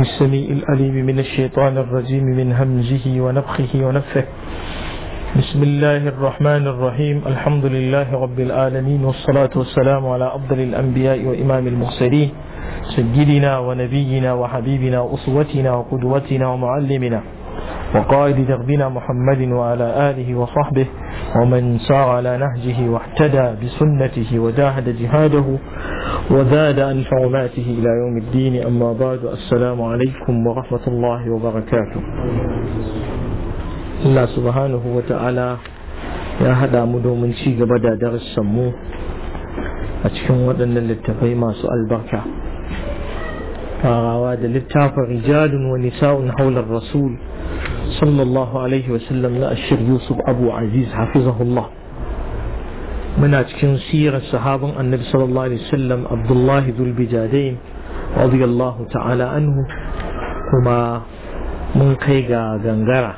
السميع الأليم من الشيطان الرجيم من همزه ونفخه ونفه بسم الله الرحمن الرحيم الحمد لله رب العالمين والصلاة والسلام على أفضل الأنبياء وإمام المرسلين سيدنا ونبينا وحبيبنا وأسوتنا وقدوتنا ومعلمنا وقائد دربنا محمد وعلى آله وصحبه ومن سار على نهجه واحتدى بسنته وجاهد جهاده وزاد عن عماته إلى يوم الدين أما بعد السلام عليكم ورحمة الله وبركاته الله سبحانه وتعالى يا هذا من شيء بدأ درس سمو أتكلم ودن للتفاي ما سؤال بركة فغواد آه، للتافة رجال ونساء حول الرسول صلى الله عليه وسلم لا الشيخ يوسف أبو عزيز حفظه الله من أتكن سيرة صحابة النبي صلى الله عليه وسلم عبد الله ذو البجادين رضي الله تعالى عنه كما من قيقا غنغرة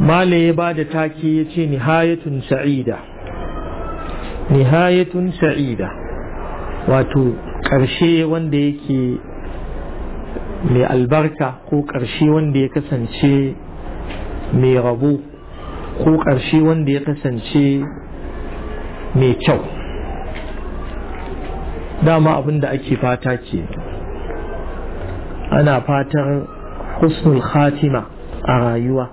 ما لي بعد تاكي نهاية سعيدة نهاية سعيدة واتو ƙarshe wanda yake mai albarka ko ƙarshe wanda ya kasance mai rabo ko ƙarshe wanda ya kasance mai kyau dama abin da ake fata ke ana fatar husnul khatima a rayuwa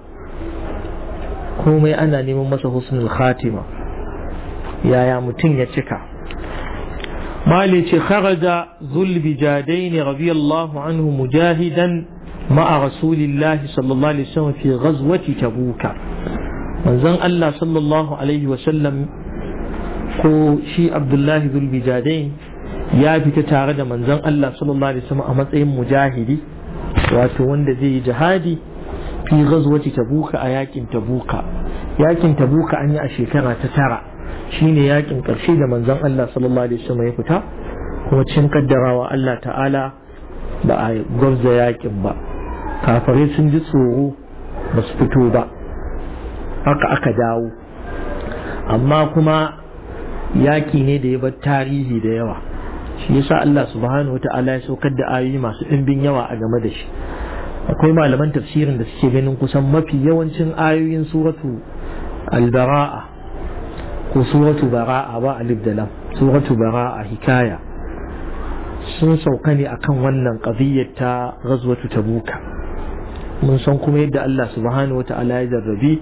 komai ana neman masa husnul khatima yaya mutum ya cika مالي خرج ذو البجادين رضي الله عنه مجاهدا مع رسول الله صلى الله عليه وسلم في غزوة تبوك manzon Allah sallallahu Alaihi wasallam ko shi Abdullahi Zulbijadain ya fita tare da manzon Allah sallallahu Alaihi wasallam a matsayin mujahidi wato wanda zai yi jihadi fi ghazwati tabuka a yakin tabuka yakin tabuka an yi a shekara ta tara shine yakin karshe da manzon Allah sallallahu alaihi wasallam ya fita kuma cin kaddarawa Allah ta'ala ba a gwabza yakin ba kafare sun ji tsoro ba su fito ba haka aka dawo amma kuma yaki ne da ya bar tarihi da yawa shi yasa Allah subhanahu wa ta'ala ya saukar da ayoyi masu ɗimbin yawa a game da shi akwai malaman tafsirin da suke ganin kusan mafi yawancin ayoyin suratu albara'a ko suratu bara'a ba alif da lam suratu bara'a hikaya sun sauka ne akan wannan qadiyyar ta ghazwatu tabuka mun san kuma yadda Allah subhanahu wata'ala ya jarrabi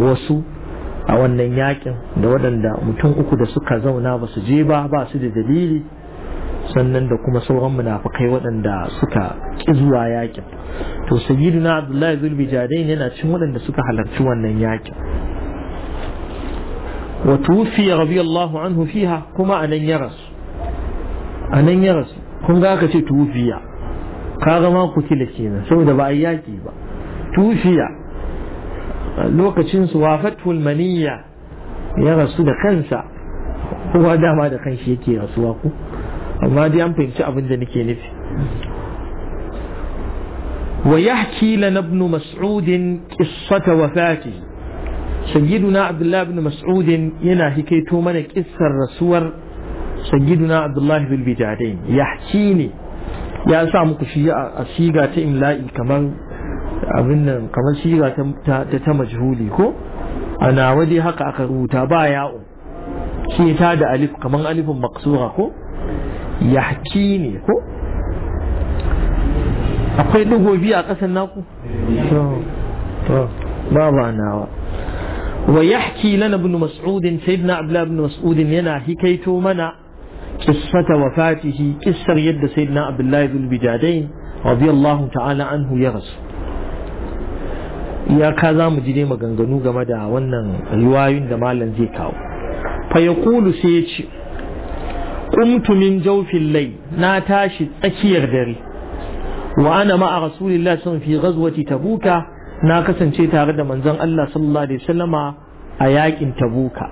wasu a wannan yakin da waɗanda mutum uku da suka zauna ba su je ba ba su da dalili sannan da kuma sauran munafukai waɗanda suka ƙi zuwa yakin to sayyiduna abdullahi zulbi jadain yana cin waɗanda suka halarci wannan yakin وتوفي رضي الله عنه فيها كما أن يرس أن يرس كم قاك توفي قال ما قتل كينا سوى دبا أياكي با توفي لوك تشنس وافته المنية يرس دا كنسا هو دا ما دا كنشي كي رسواكو وما دي an يمشي أبن da nake ويحكي لنا ابن مسعود قصة وفاته sayyiduna abdullahi bin mas'udin yana hikaito mana kissar rasuwar sayyiduna abdullahi bin bijadain yahki ne ya sa muku shi a siga ta imla'i kamar abin nan kamar siga ta ta majhuli ko ana waje haka aka rubuta ba ya'u shi da alif kamar alifin ne ko akwai dugo biyu a ƙasan naku? to nawa wa yahki lana ibn mas'ud sayyidina abdullah ibn mas'ud yana hikaito mana qissata wafatihi qissar yadda sayyidina abdullah ibn bijadain radiyallahu ta'ala anhu ya rasu iyaka za mu ji dai maganganu game da wannan riwayoyin da malam zai kawo fa yaqulu sai ya ce qumtu min na tashi tsakiyar dare wa ana ma'a rasulillahi sun alaihi wasallam fi ghazwati na kasance tare da manzon Allah sallallahu alaihi wasallama a yakin tabuka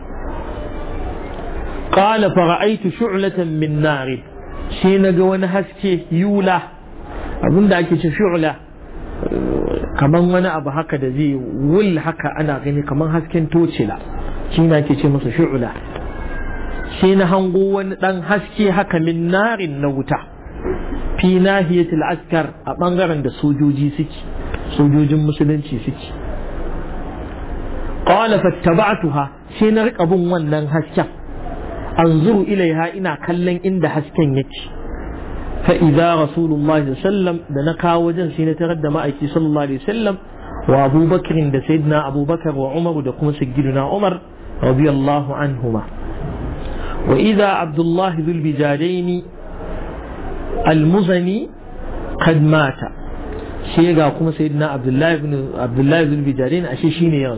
qala fara'aitu shu'latan min nar shi naga wani haske yula abinda ake ce shu'la kaman wani abu haka da zai wul haka ana gani kaman hasken tocila shi na ke ce masa shu'la shi na hango wani dan haske haka min narin na wuta fi nahiyatul askar a bangaren da sojoji suke sojojin musulunci suke qala fattaba'tuha sai na rika bin wannan hasken anzuru ilaiha ina kallon inda hasken yake fa idza rasulullahi sallallahu alaihi wasallam da na kawo wajen sai na tarar da ma'aiki sallallahu alaihi wasallam wa abubakar da sayyidina abubakar wa umar da kuma sayyidina umar radiyallahu anhuma wa idza abdullahi dhul bijadaini المزني قد mata. shi ga kuma sayyidina abdullahi ibn abdullahi ibn bijarin ashe shine ya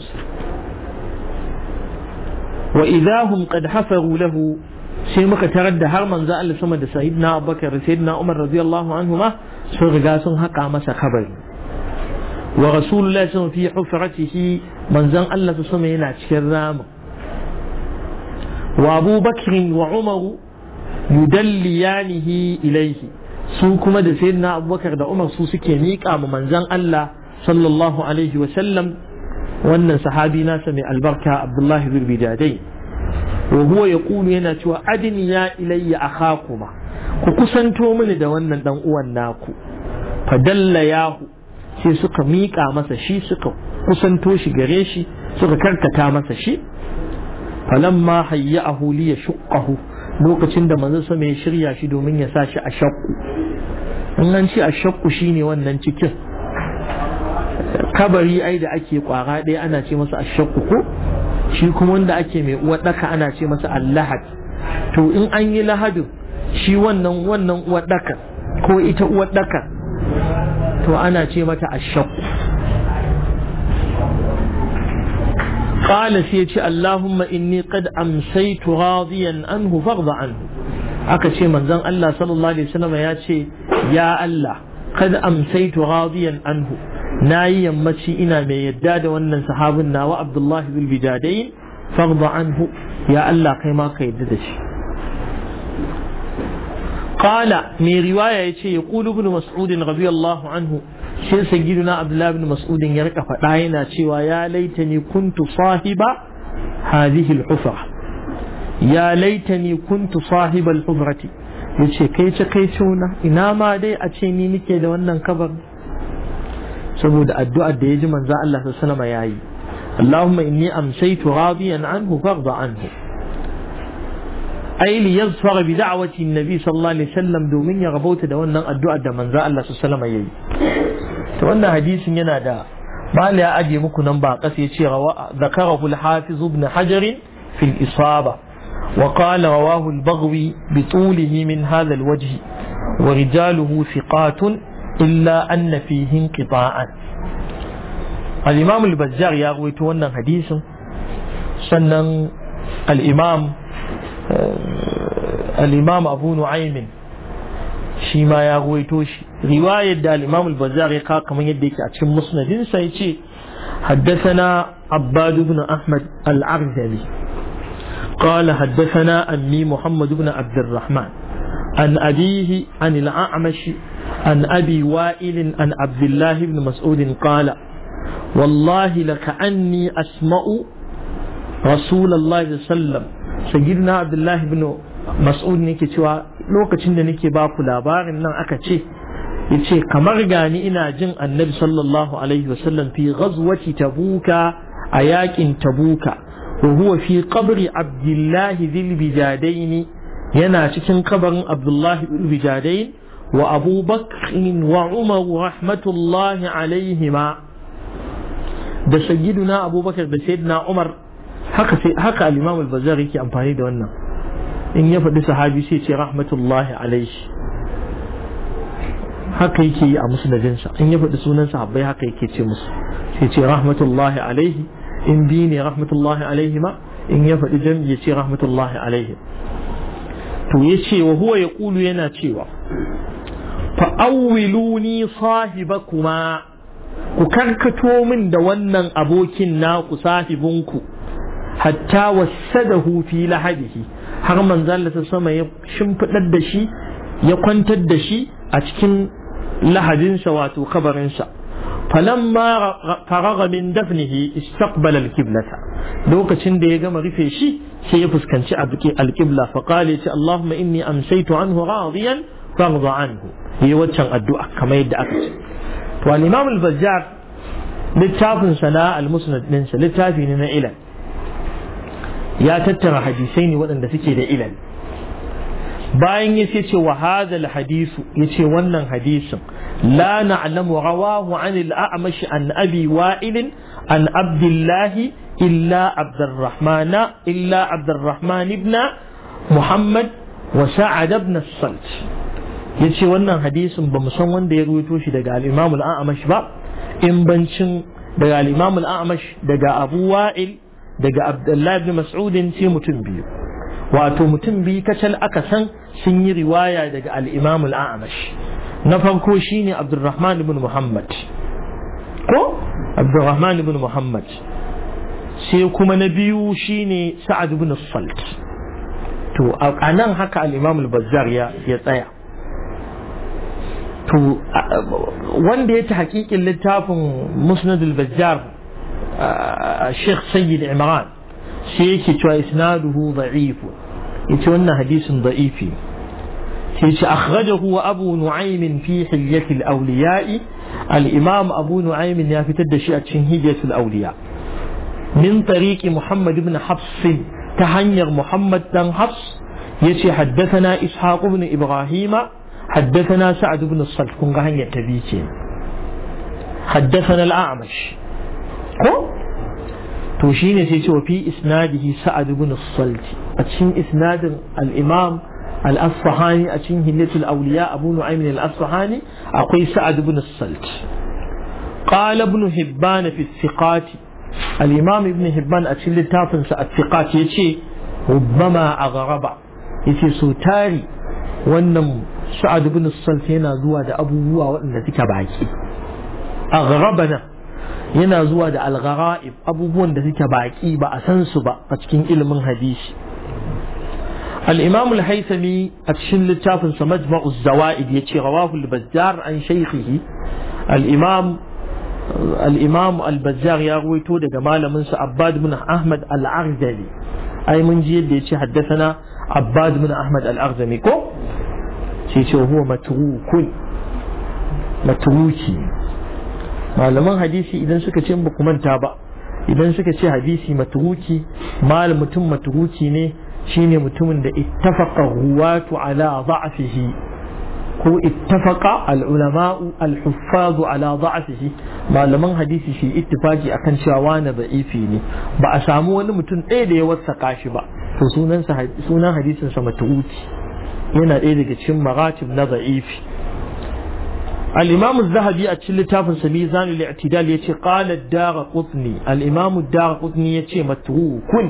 wa idahum qad hafaru lahu sai muka tarar da har manzo Allah sama da sayyidina Abubakar da na Umar radiyallahu anhuma sun riga sun haƙa masa kabari wa rasulullahi sun fi shi manzon Allah su sama yana cikin ramin wa Abu Bakr wa Umar yudalliyanihi ilaihi su kuma da sayyidina abubakar da umar su suke miƙa ma manzan Allah sallallahu alaihi wa sallam wannan sahabi nasa mai albarka abdullahi zurbidadai wa huwa yaqulu yana cewa adini ya ilayya kakuma. ku kusanto mini da wannan dan uwan naku fadalla yahu sai suka miƙa masa shi suka kusanto shi gare shi suka karkata masa shi falamma hayya'ahu ya yashqahu lokacin da manzo sama ya shirya shi domin ya sa shi a shakku in nan ce a shakku shine wannan cikin kabari ai da ake kwara ɗaya ana ce masa a shakku ko shi kuma wanda ake mai uwa ɗaka ana ce masa allahad to in an yi lahadin shi wannan wannan uwa ɗaka ko ita uwa ɗaka to ana ce mata a shakku qala sai ce Allahumma inni qad amsaytu radiyan anhu farda anhu aka ce manzon Allah sallallahu alaihi wasallam ya ce ya Allah qad amsaytu radiyan anhu nayi yammaci ina mai yadda da wannan sahabin nawa Abdullahi bil Bijadain farda anhu ya Allah kai ma ka yadda da shi qala mai riwaya ya yace yaqulu ibn mas'ud radiyallahu anhu shi sayyiduna abdullahi ibn mas'ud ya rika faɗa yana cewa ya laitani kuntu sahiba hadhihi al-hufra ya laitani kuntu sahiba al-hufrati yace kai ce kai ina ma dai a ce ni nake da wannan kabar saboda addu'ar da ya ji manzo Allah sallallahu alaihi yayi Allahumma inni amsaytu radiyan anhu farda anhu ai li yazfara bi da'wati an-nabi sallallahu alaihi domin ya rabauta da wannan addu'ar da manzo Allah yayi to wannan hadisin yana da mali ya aje muku nan ba kasa yace rawa zakarahu al-hafiz ibn hajar fi isaba wa qala rawahu al-baghwi bi tulihi min hadha al-wajh wa rijaluhu thiqatun illa anna fihi inqita'an al-imam al-bazzar ya rawaito wannan hadisin sannan al-imam eh, al-imam abu nu'aymin shi ma ya ruwaito shi riwayar da al-Imam al-Bazzar ya kawo kamar yadda yake a cikin musnadin sa yace haddathana Abbad ibn Ahmad al-Arzabi قال حدثنا أمي محمد بن عبد الرحمن عن أبيه عن الأعمش عن أبي وائل عن عبد الله بن مسعود قال والله لكأني أسمع رسول الله صلى الله عليه وسلم سيدنا عبد الله بن mas'ud ne ke cewa lokacin da nake ba ku labarin nan aka ce ya ce kamar gani ina jin annabi sallallahu alaihi wasallam fi ghazwati tabuka a yakin tabuka wa huwa fi qabri abdullahi dhil bijadain yana cikin kabarin abdullahi dhil bijadain wa abubakar wa umar rahmatullahi alaihima da sayyiduna abubakar da sayyidina umar haka al-imam al-bazzar yake amfani da wannan in ya faɗi sahabi sai ce rahmatullahi alaihi haka yake yi a musu da musnadinsa in ya faɗi sunan sahabbai haka yake ce musu sai ce rahmatullahi alaihi in bi ne rahmatullahi alaihi ma in ya faɗi jam'i ya ce rahmatullahi alaihi to ya ce wa huwa ya Kulu yana cewa fa'awwiluni sahibakuma ku karkato min da wannan abokin naku sahibinku hatta wasadahu fi lahadihi har manzan da sama ya shimfiɗar da shi ya kwantar da shi a cikin lahadinsa wato kabarinsa falamma faraga min dafnihi istaqbala alqiblata lokacin da ya gama rufe shi sai ya fuskanci alqibla fa qala ya Allahumma inni amsaytu anhu radiyan farda anhu yi waccan addu'a kamar yadda aka ce to al-imam al-bazzar littafin sana al-musnad din littafi ne na ilal ya tattara hadisai ne waɗanda suke da ilal bayan ya ce ce wa hadal hadisu ya ce wannan hadisin la na'lamu rawahu anil al-a'mash an abi wa'il an abdullahi illa abdurrahman illa abdurrahman ibn muhammad wa sa'ad ibn salt ya ce wannan hadisin ba san wanda ya ruwaito shi daga al-imam al-a'mash ba in bancin daga al-imam al-a'mash daga abu wa'il daga abdullahi bin mas'udin sai mutum biyu wato mutum biyu kacal aka san sun yi riwaya daga al-imam al-a'mash na farko shine abdurrahman ibn muhammad ko abdurrahman ibn muhammad sai kuma na biyu shine sa'ad ibn salt to a nan haka al-imam bazzar ya ya tsaya to wanda ya ta hakikin littafin musnad al-bazzar آه، الشيخ سيد عمران سيكي تو إسناده ضعيف يتونى حديث ضعيف سيكي أخرجه أبو نعيم في حلية الأولياء الإمام أبو نعيم يافتد شيئة شنهية الأولياء من طريق محمد بن حفص تهنير محمد بن حفص يتي حدثنا إسحاق بن إبراهيم حدثنا سعد بن الصلح كن حدثنا الأعمش ko to shine sai ce fi isnadihi sa'ad ibn as-salti a cikin isnadin al-imam al-asfahani a cikin hillatul awliya abu nu'aym al-asfahani akwai sa'ad ibn as-salti qala ibn hibban fi thiqat al-imam ibn hibban a cikin littafin sa at-thiqat yace rubbama aghraba yace so tari wannan sa'ad ibn as-salti yana zuwa da abubuwa waɗanda suka baki aghrabana yana zuwa da alghara'ib abubuwan da suke baki ba a san su ba a cikin ilimin hadisi الإمام الهيثمي أتشن لتافن مجمع الزوائد يتي رواه البزار عن شيخه الإمام الإمام البزار يروي تودا جمال من عباد بن أحمد الأغزلي أي من جيد يتي حدثنا عباد بن أحمد الأغزلي كو يتي هو متروك متروكي malaman hadisi idan suka ce ba manta ba idan suka ce hadisi maturuki mal mutum maturuki ne shine mutumin da ittafaqa ruwatu ala da'fihi ko ittafaqa al-ulama'u al-huffaz ala da'fihi malaman hadisi shi ittifaqi akan cewa wani da'ifi ne ba a samu wani mutum ɗaya da ya wasaka shi ba to sunan sunan hadisin sa maturuki yana ɗaya daga cikin maratib na da'ifi al zahabi a cikin littafin sa mizan al-i'tidal yace qala ad-darqutni al yace matrukun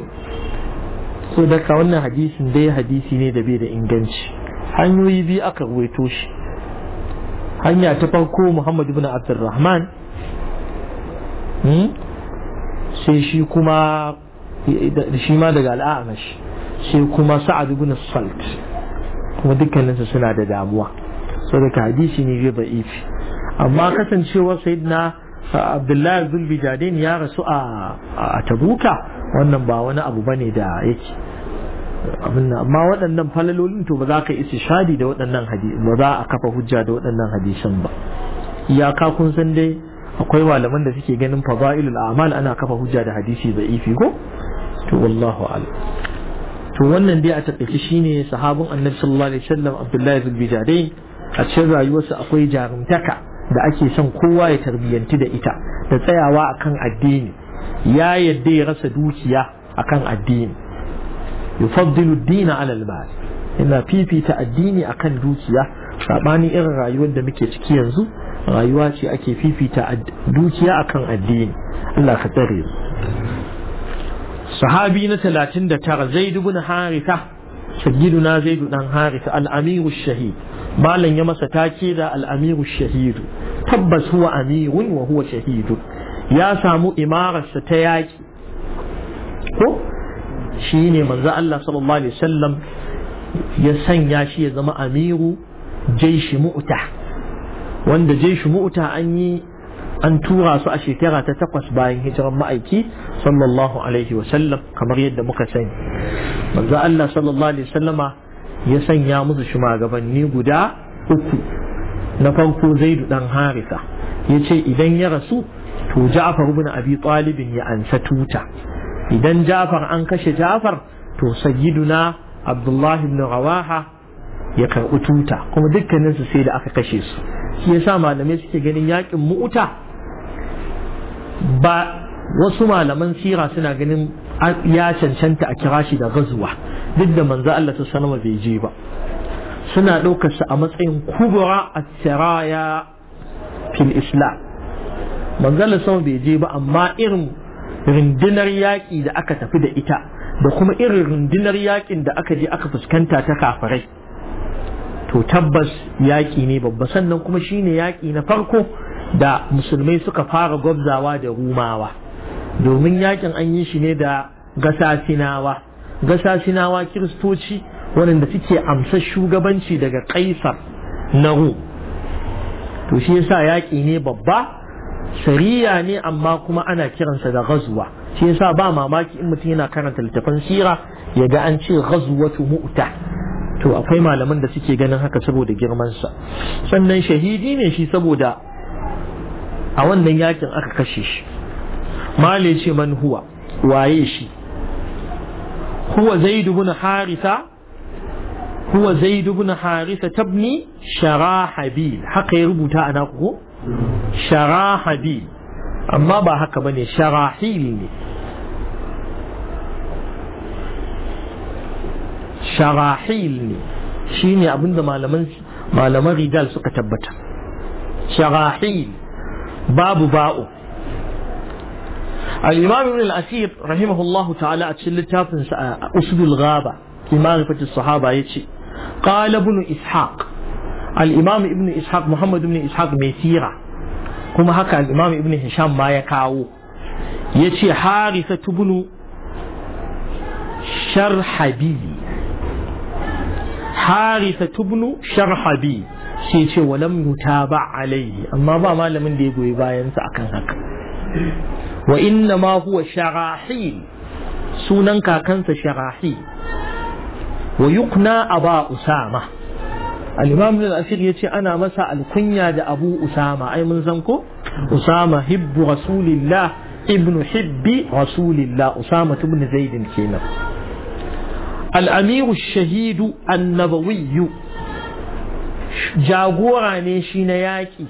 so daga wannan hadisin dai hadisi ne da bai da inganci hanyoyi biyu aka ruwaito shi hanya ta farko muhammad ibn abdurrahman hmm? sai shi kuma shi ma daga al'amash sai kuma sa'ad ibn salt kuma dukkaninsu suna da damuwa so daga hadisi ne bai da'ifi amma kasancewar sayyidina uh, abdullahi al-Zulbi jadin ya rasu a tabuka wannan ba wani abu ba ne da yake uh, amma waɗannan falalolin to ba za ka isi shadi da waɗannan hadisi ba za a kafa hujja da waɗannan hadisan ba iyaka kun san dai akwai malaman da suke ganin fadailul a'mal ana kafa hujja da hadisi ba ifi ko to wallahu a'lam to wannan dai a taƙaice shine sahabin annabi sallallahu alaihi wasallam abdullahi zulbijadin a cikin rayuwarsa akwai jarumtaka da ake son kowa ya tarbiyyanti da ita da tsayawa akan addini ya yadda ya rasa dukiya akan addini yufaddilu dina ala al ina fifita addini akan dukiya sabani irin rayuwar da muke ciki yanzu rayuwa ce ake fifita dukiya akan addini Allah ka tsare su sahabi na 39 zaid ibn haritha sayyiduna zaid dan Harisa al-amir shahid malam ya masa take da al'amiru shahidu tabbas huwa amirun wa huwa shahidu ya samu imararsa ta yaki ko shi ne manzo Allah sallallahu alaihi wasallam ya sanya shi ya zama amiru jaishi mu'ta wanda jaishi mu'ta an yi an tura su a shekara ta takwas bayan hijiran ma'aiki sallallahu alaihi wasallam kamar yadda muka sani manzo Allah sallallahu alaihi wasallama ya sanya musu shugabanni guda uku na farko zaidu dan harisa ya ce idan ya rasu to ja'far ibn abi talib ya ansa tuta idan ja'far an kashe ja'far to sayyiduna abdullahi ibn rawaha ya karɓi tuta kuma dukkaninsu sai da aka kashe su shi yasa malamai suke ganin yakin mu'uta ba wasu malaman sira suna ganin ya cancanta a kirashi da gazuwa duk da manzo Allah ta sanama bai je ba suna ɗaukar su a matsayin kubura a tsiraya fil islam manzo Allah sama bai je ba amma irin rundunar yaƙi da aka tafi da ita da kuma irin rundunar yaƙin da aka je aka fuskanta ta kafirai to tabbas yaƙi ne babba sannan kuma shine yaƙi na farko da musulmai suka fara gwabzawa da rumawa domin yaƙin an yi shi ne da gasasinawa gasashinawa kiristoci waɗanda suke amsa shugabanci daga kaisar na ru to shi yasa yaƙi ne babba shari'a ne amma kuma ana kiransa da gazuwa shi yasa ba mamaki in mutum yana karanta littafin sira ya ga an ce gazuwatu mu'ta to akwai malaman da suke ganin haka saboda girmansa sannan shahidi ne shi saboda a wannan yakin aka kashe shi male ce man huwa waye shi huwa zaid ibn harisa huwa zaid ibn harisa tabni sharahabil haka ya rubuta ana ko sharahabil amma ba haka bane sharahil ne sharahil ne shine abinda malaman malaman suka tabbata sharahil babu ba'u الإمام ابن الأثير رحمه الله تعالى أتشل أسد الغابة لمعرفة الصحابة يتشي قال ابن إسحاق الإمام ابن إسحاق محمد ابن إسحاق ميسيرة كما هكا الإمام ابن هشام ما يكاو يتشي حارثة ابن شرحبي حارثة ابن شرحبي sai ولم يتابع عليه أما alaihi amma ba malamin da ya وإنما هو شراحيل سنن كنس شراحيل ويقنا أبا أسامة الإمام ابن الأثير يتي أنا مسا القنية أبو أسامة أي من زنكو أسامة حب رسول الله ابن حب رسول الله أسامة بن زيد كينا الأمير الشهيد النبوي جاغوراني شينياكي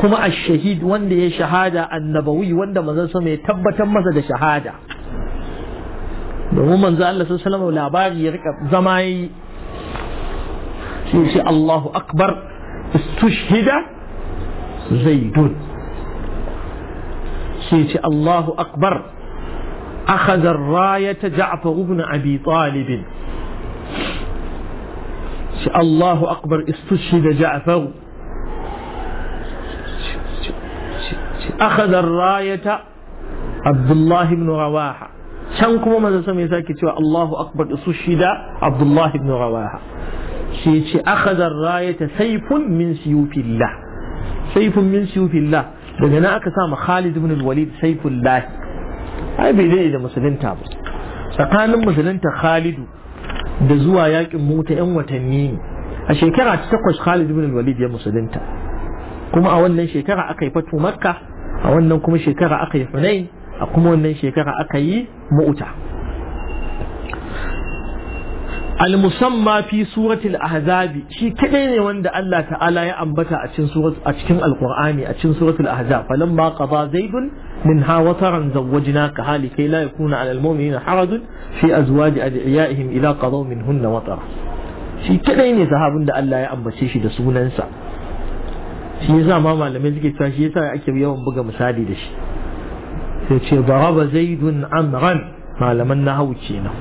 kuma ash-shahid wanda ya shahada annabawi wanda manzon sa mai tabbatar masa da shahada domin manzon Allah sallallahu alaihi wasallam labari ya rika zama yi sai Allahu akbar istushhida zaidun sai ce Allahu akbar akhadha ar-rayata ja'far ibn abi talib طالب Allahu akbar istushhida ja'far akhadha rayata Abdullah ibn Rawaha can kuma manzo sama mai sake cewa Allahu akbar su shida Abdullah ibn Rawaha shi ce akhadha rayata sayfun min siyufillah sayfun min siyufillah daga nan aka sa ma Khalid ibn al-Walid sayfullah ai bai dai da musulunta ba tsakanin musulunta Khalidu da zuwa yakin mota yan watanni ne a shekara ta takwas Khalid ibn al-Walid ya musulunta kuma a wannan shekara aka yi fatu Makka a wannan kuma shekara aka yi a kuma wannan shekara aka yi mu'uta al-musamma fi suratul ahzabi shi kadai ne wanda Allah ta'ala ya ambata a cikin surat a cikin alqur'ani a cikin suratul ahzab falamma qada zaidun minha wataran ka hali kai la yakuna 'alal mu'minina harajun fi azwaji adiyaihim idha qadaw minhunna watara shi kadai ne sahabin da Allah ya ambace shi da sunansa shi yasa ma malamai suke cewa shi yasa ake yawan buga misali da shi sai ce daraba zaidun amran malaman na ce nan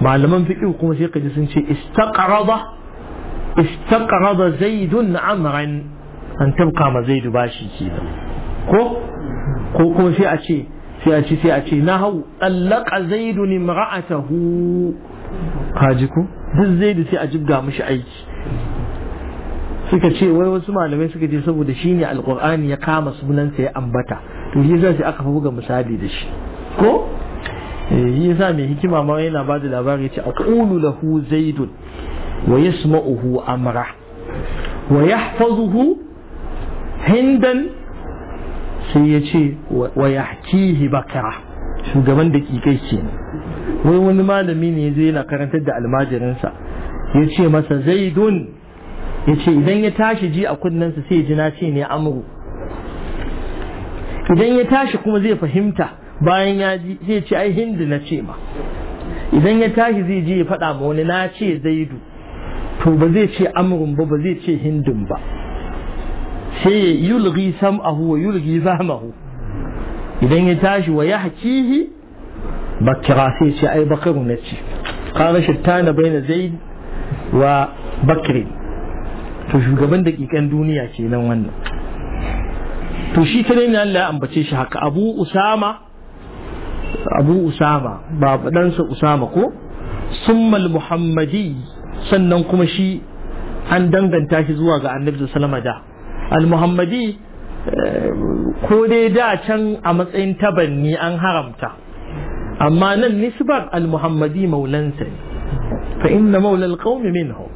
malaman fiƙi kuma sai ji sun ce istaqrada istaqrada zaidun amran an tabka ma zaidu bashi kenan ko ko kuma sai a ce sai a ce sai a ce nahwu allaqa zaidun imra'atahu kaji ku? duk zaidu sai a jibga mishi aiki suka ce wai wasu malamai suka ce saboda shi ne alkur'ani ya kama sunansa ya ambata to shi yasa sai aka fi buga misali da shi ko eh, shi yasa mai hikima ma yana ba da labari ce a aqulu lahu zaidun wa yasma'uhu amra wa yahfazuhu hindan sai ya ce wa yahkihi bakara shugaban da kikai ce wai wani malami ne zai yana karantar da almajirinsa ya ce masa zaidun yace idan ya tashi ji a kunnensa sai ji na ce ne amru idan ya tashi kuma zai fahimta bayan ya ji sai ce ai hindu na ce ma idan ya tashi zai je ya faɗa ma wani na ce zaidu to ba zai ce amrun ba ba zai ce hindun ba sai ya yulgi sam'ahu wa yulgi zamahu idan ya tashi wa ya hakihi bakira sai ce ai bakaru na ce ƙarashin tana bai na zai wa bakirin to shugaban daƙiƙan duniya nan wannan to shi ta nemi Allah ya ambace shi haka Abu Usama Abu Usama babu ɗansa Usama ko summal Muhammadi sannan kuma shi an danganta shi zuwa ga Annabi sallallahu da al-Muhammadi eh, ko dai da can a matsayin tabanni an haramta amma nan nisbar al-Muhammadi maulansa ne fa inna al qaumi minhum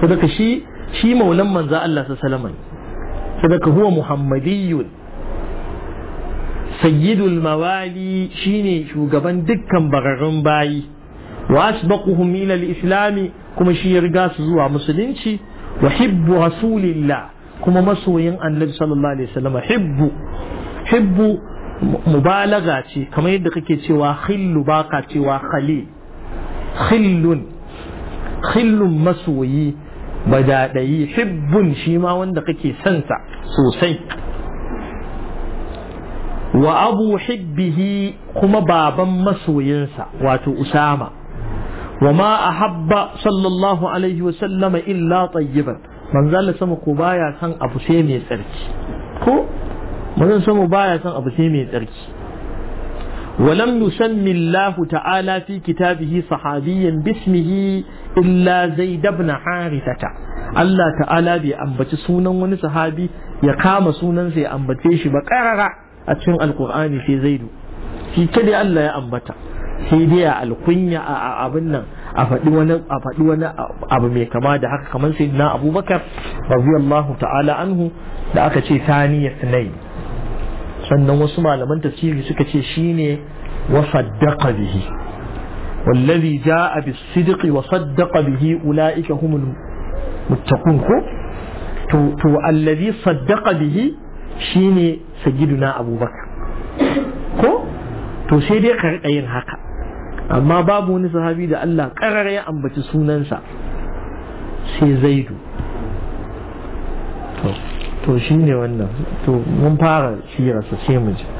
sadaka shi shi maulan manza Allah sa salaman sadaka huwa muhammadiyun sayyidul mawali shine shugaban dukkan bararrun bayi wa asbaquhum ila al kuma shi ya riga su zuwa musulunci wa hibbu rasulillah kuma masoyin annabi sallallahu alaihi wasallam hibbu hibbu mubalaga ce kamar yadda kake cewa khillu baka cewa khalil khillun khillun masoyi badadayi hibbun shi ma wanda kake sansa sosai wa abu hibbihi kuma baban masoyinsa wato usama wa ma a habba sallallahu alaihi wa sallama illa tsayyiban. manzala sama ko baya san abu sai mai tsarki ko manzon sama baya san abu sai mai tsarki ولم يسمي الله تعالى في كتابه صحابيا باسمه إلا زيد بن حارثة الله تعالى بي أنبت سونا ون صحابي يقام سونا سي أنبت فيش بقرر أتشن القرآن في زيد في كده الله يأنبت sai dai a alkunya a abin nan a faɗi wani a faɗi wani abu mai kama da haka kamar sayyidina abubakar radiyallahu ta'ala anhu da aka ce saniyat sunayi sannan wasu malaman tafsiri suka ce shine wa saddaqa bihi wallazi jaa bis sidqi wa saddaqa bihi ulaika humul muttaqun ko to to allazi saddaqa bihi shine sayyiduna abubakar ko to sai dai ka rika yin haka amma babu wani sahabi da Allah karar ya ambaci sunansa sai zaidu to shine wannan to mun fara sirarsa sai mu ji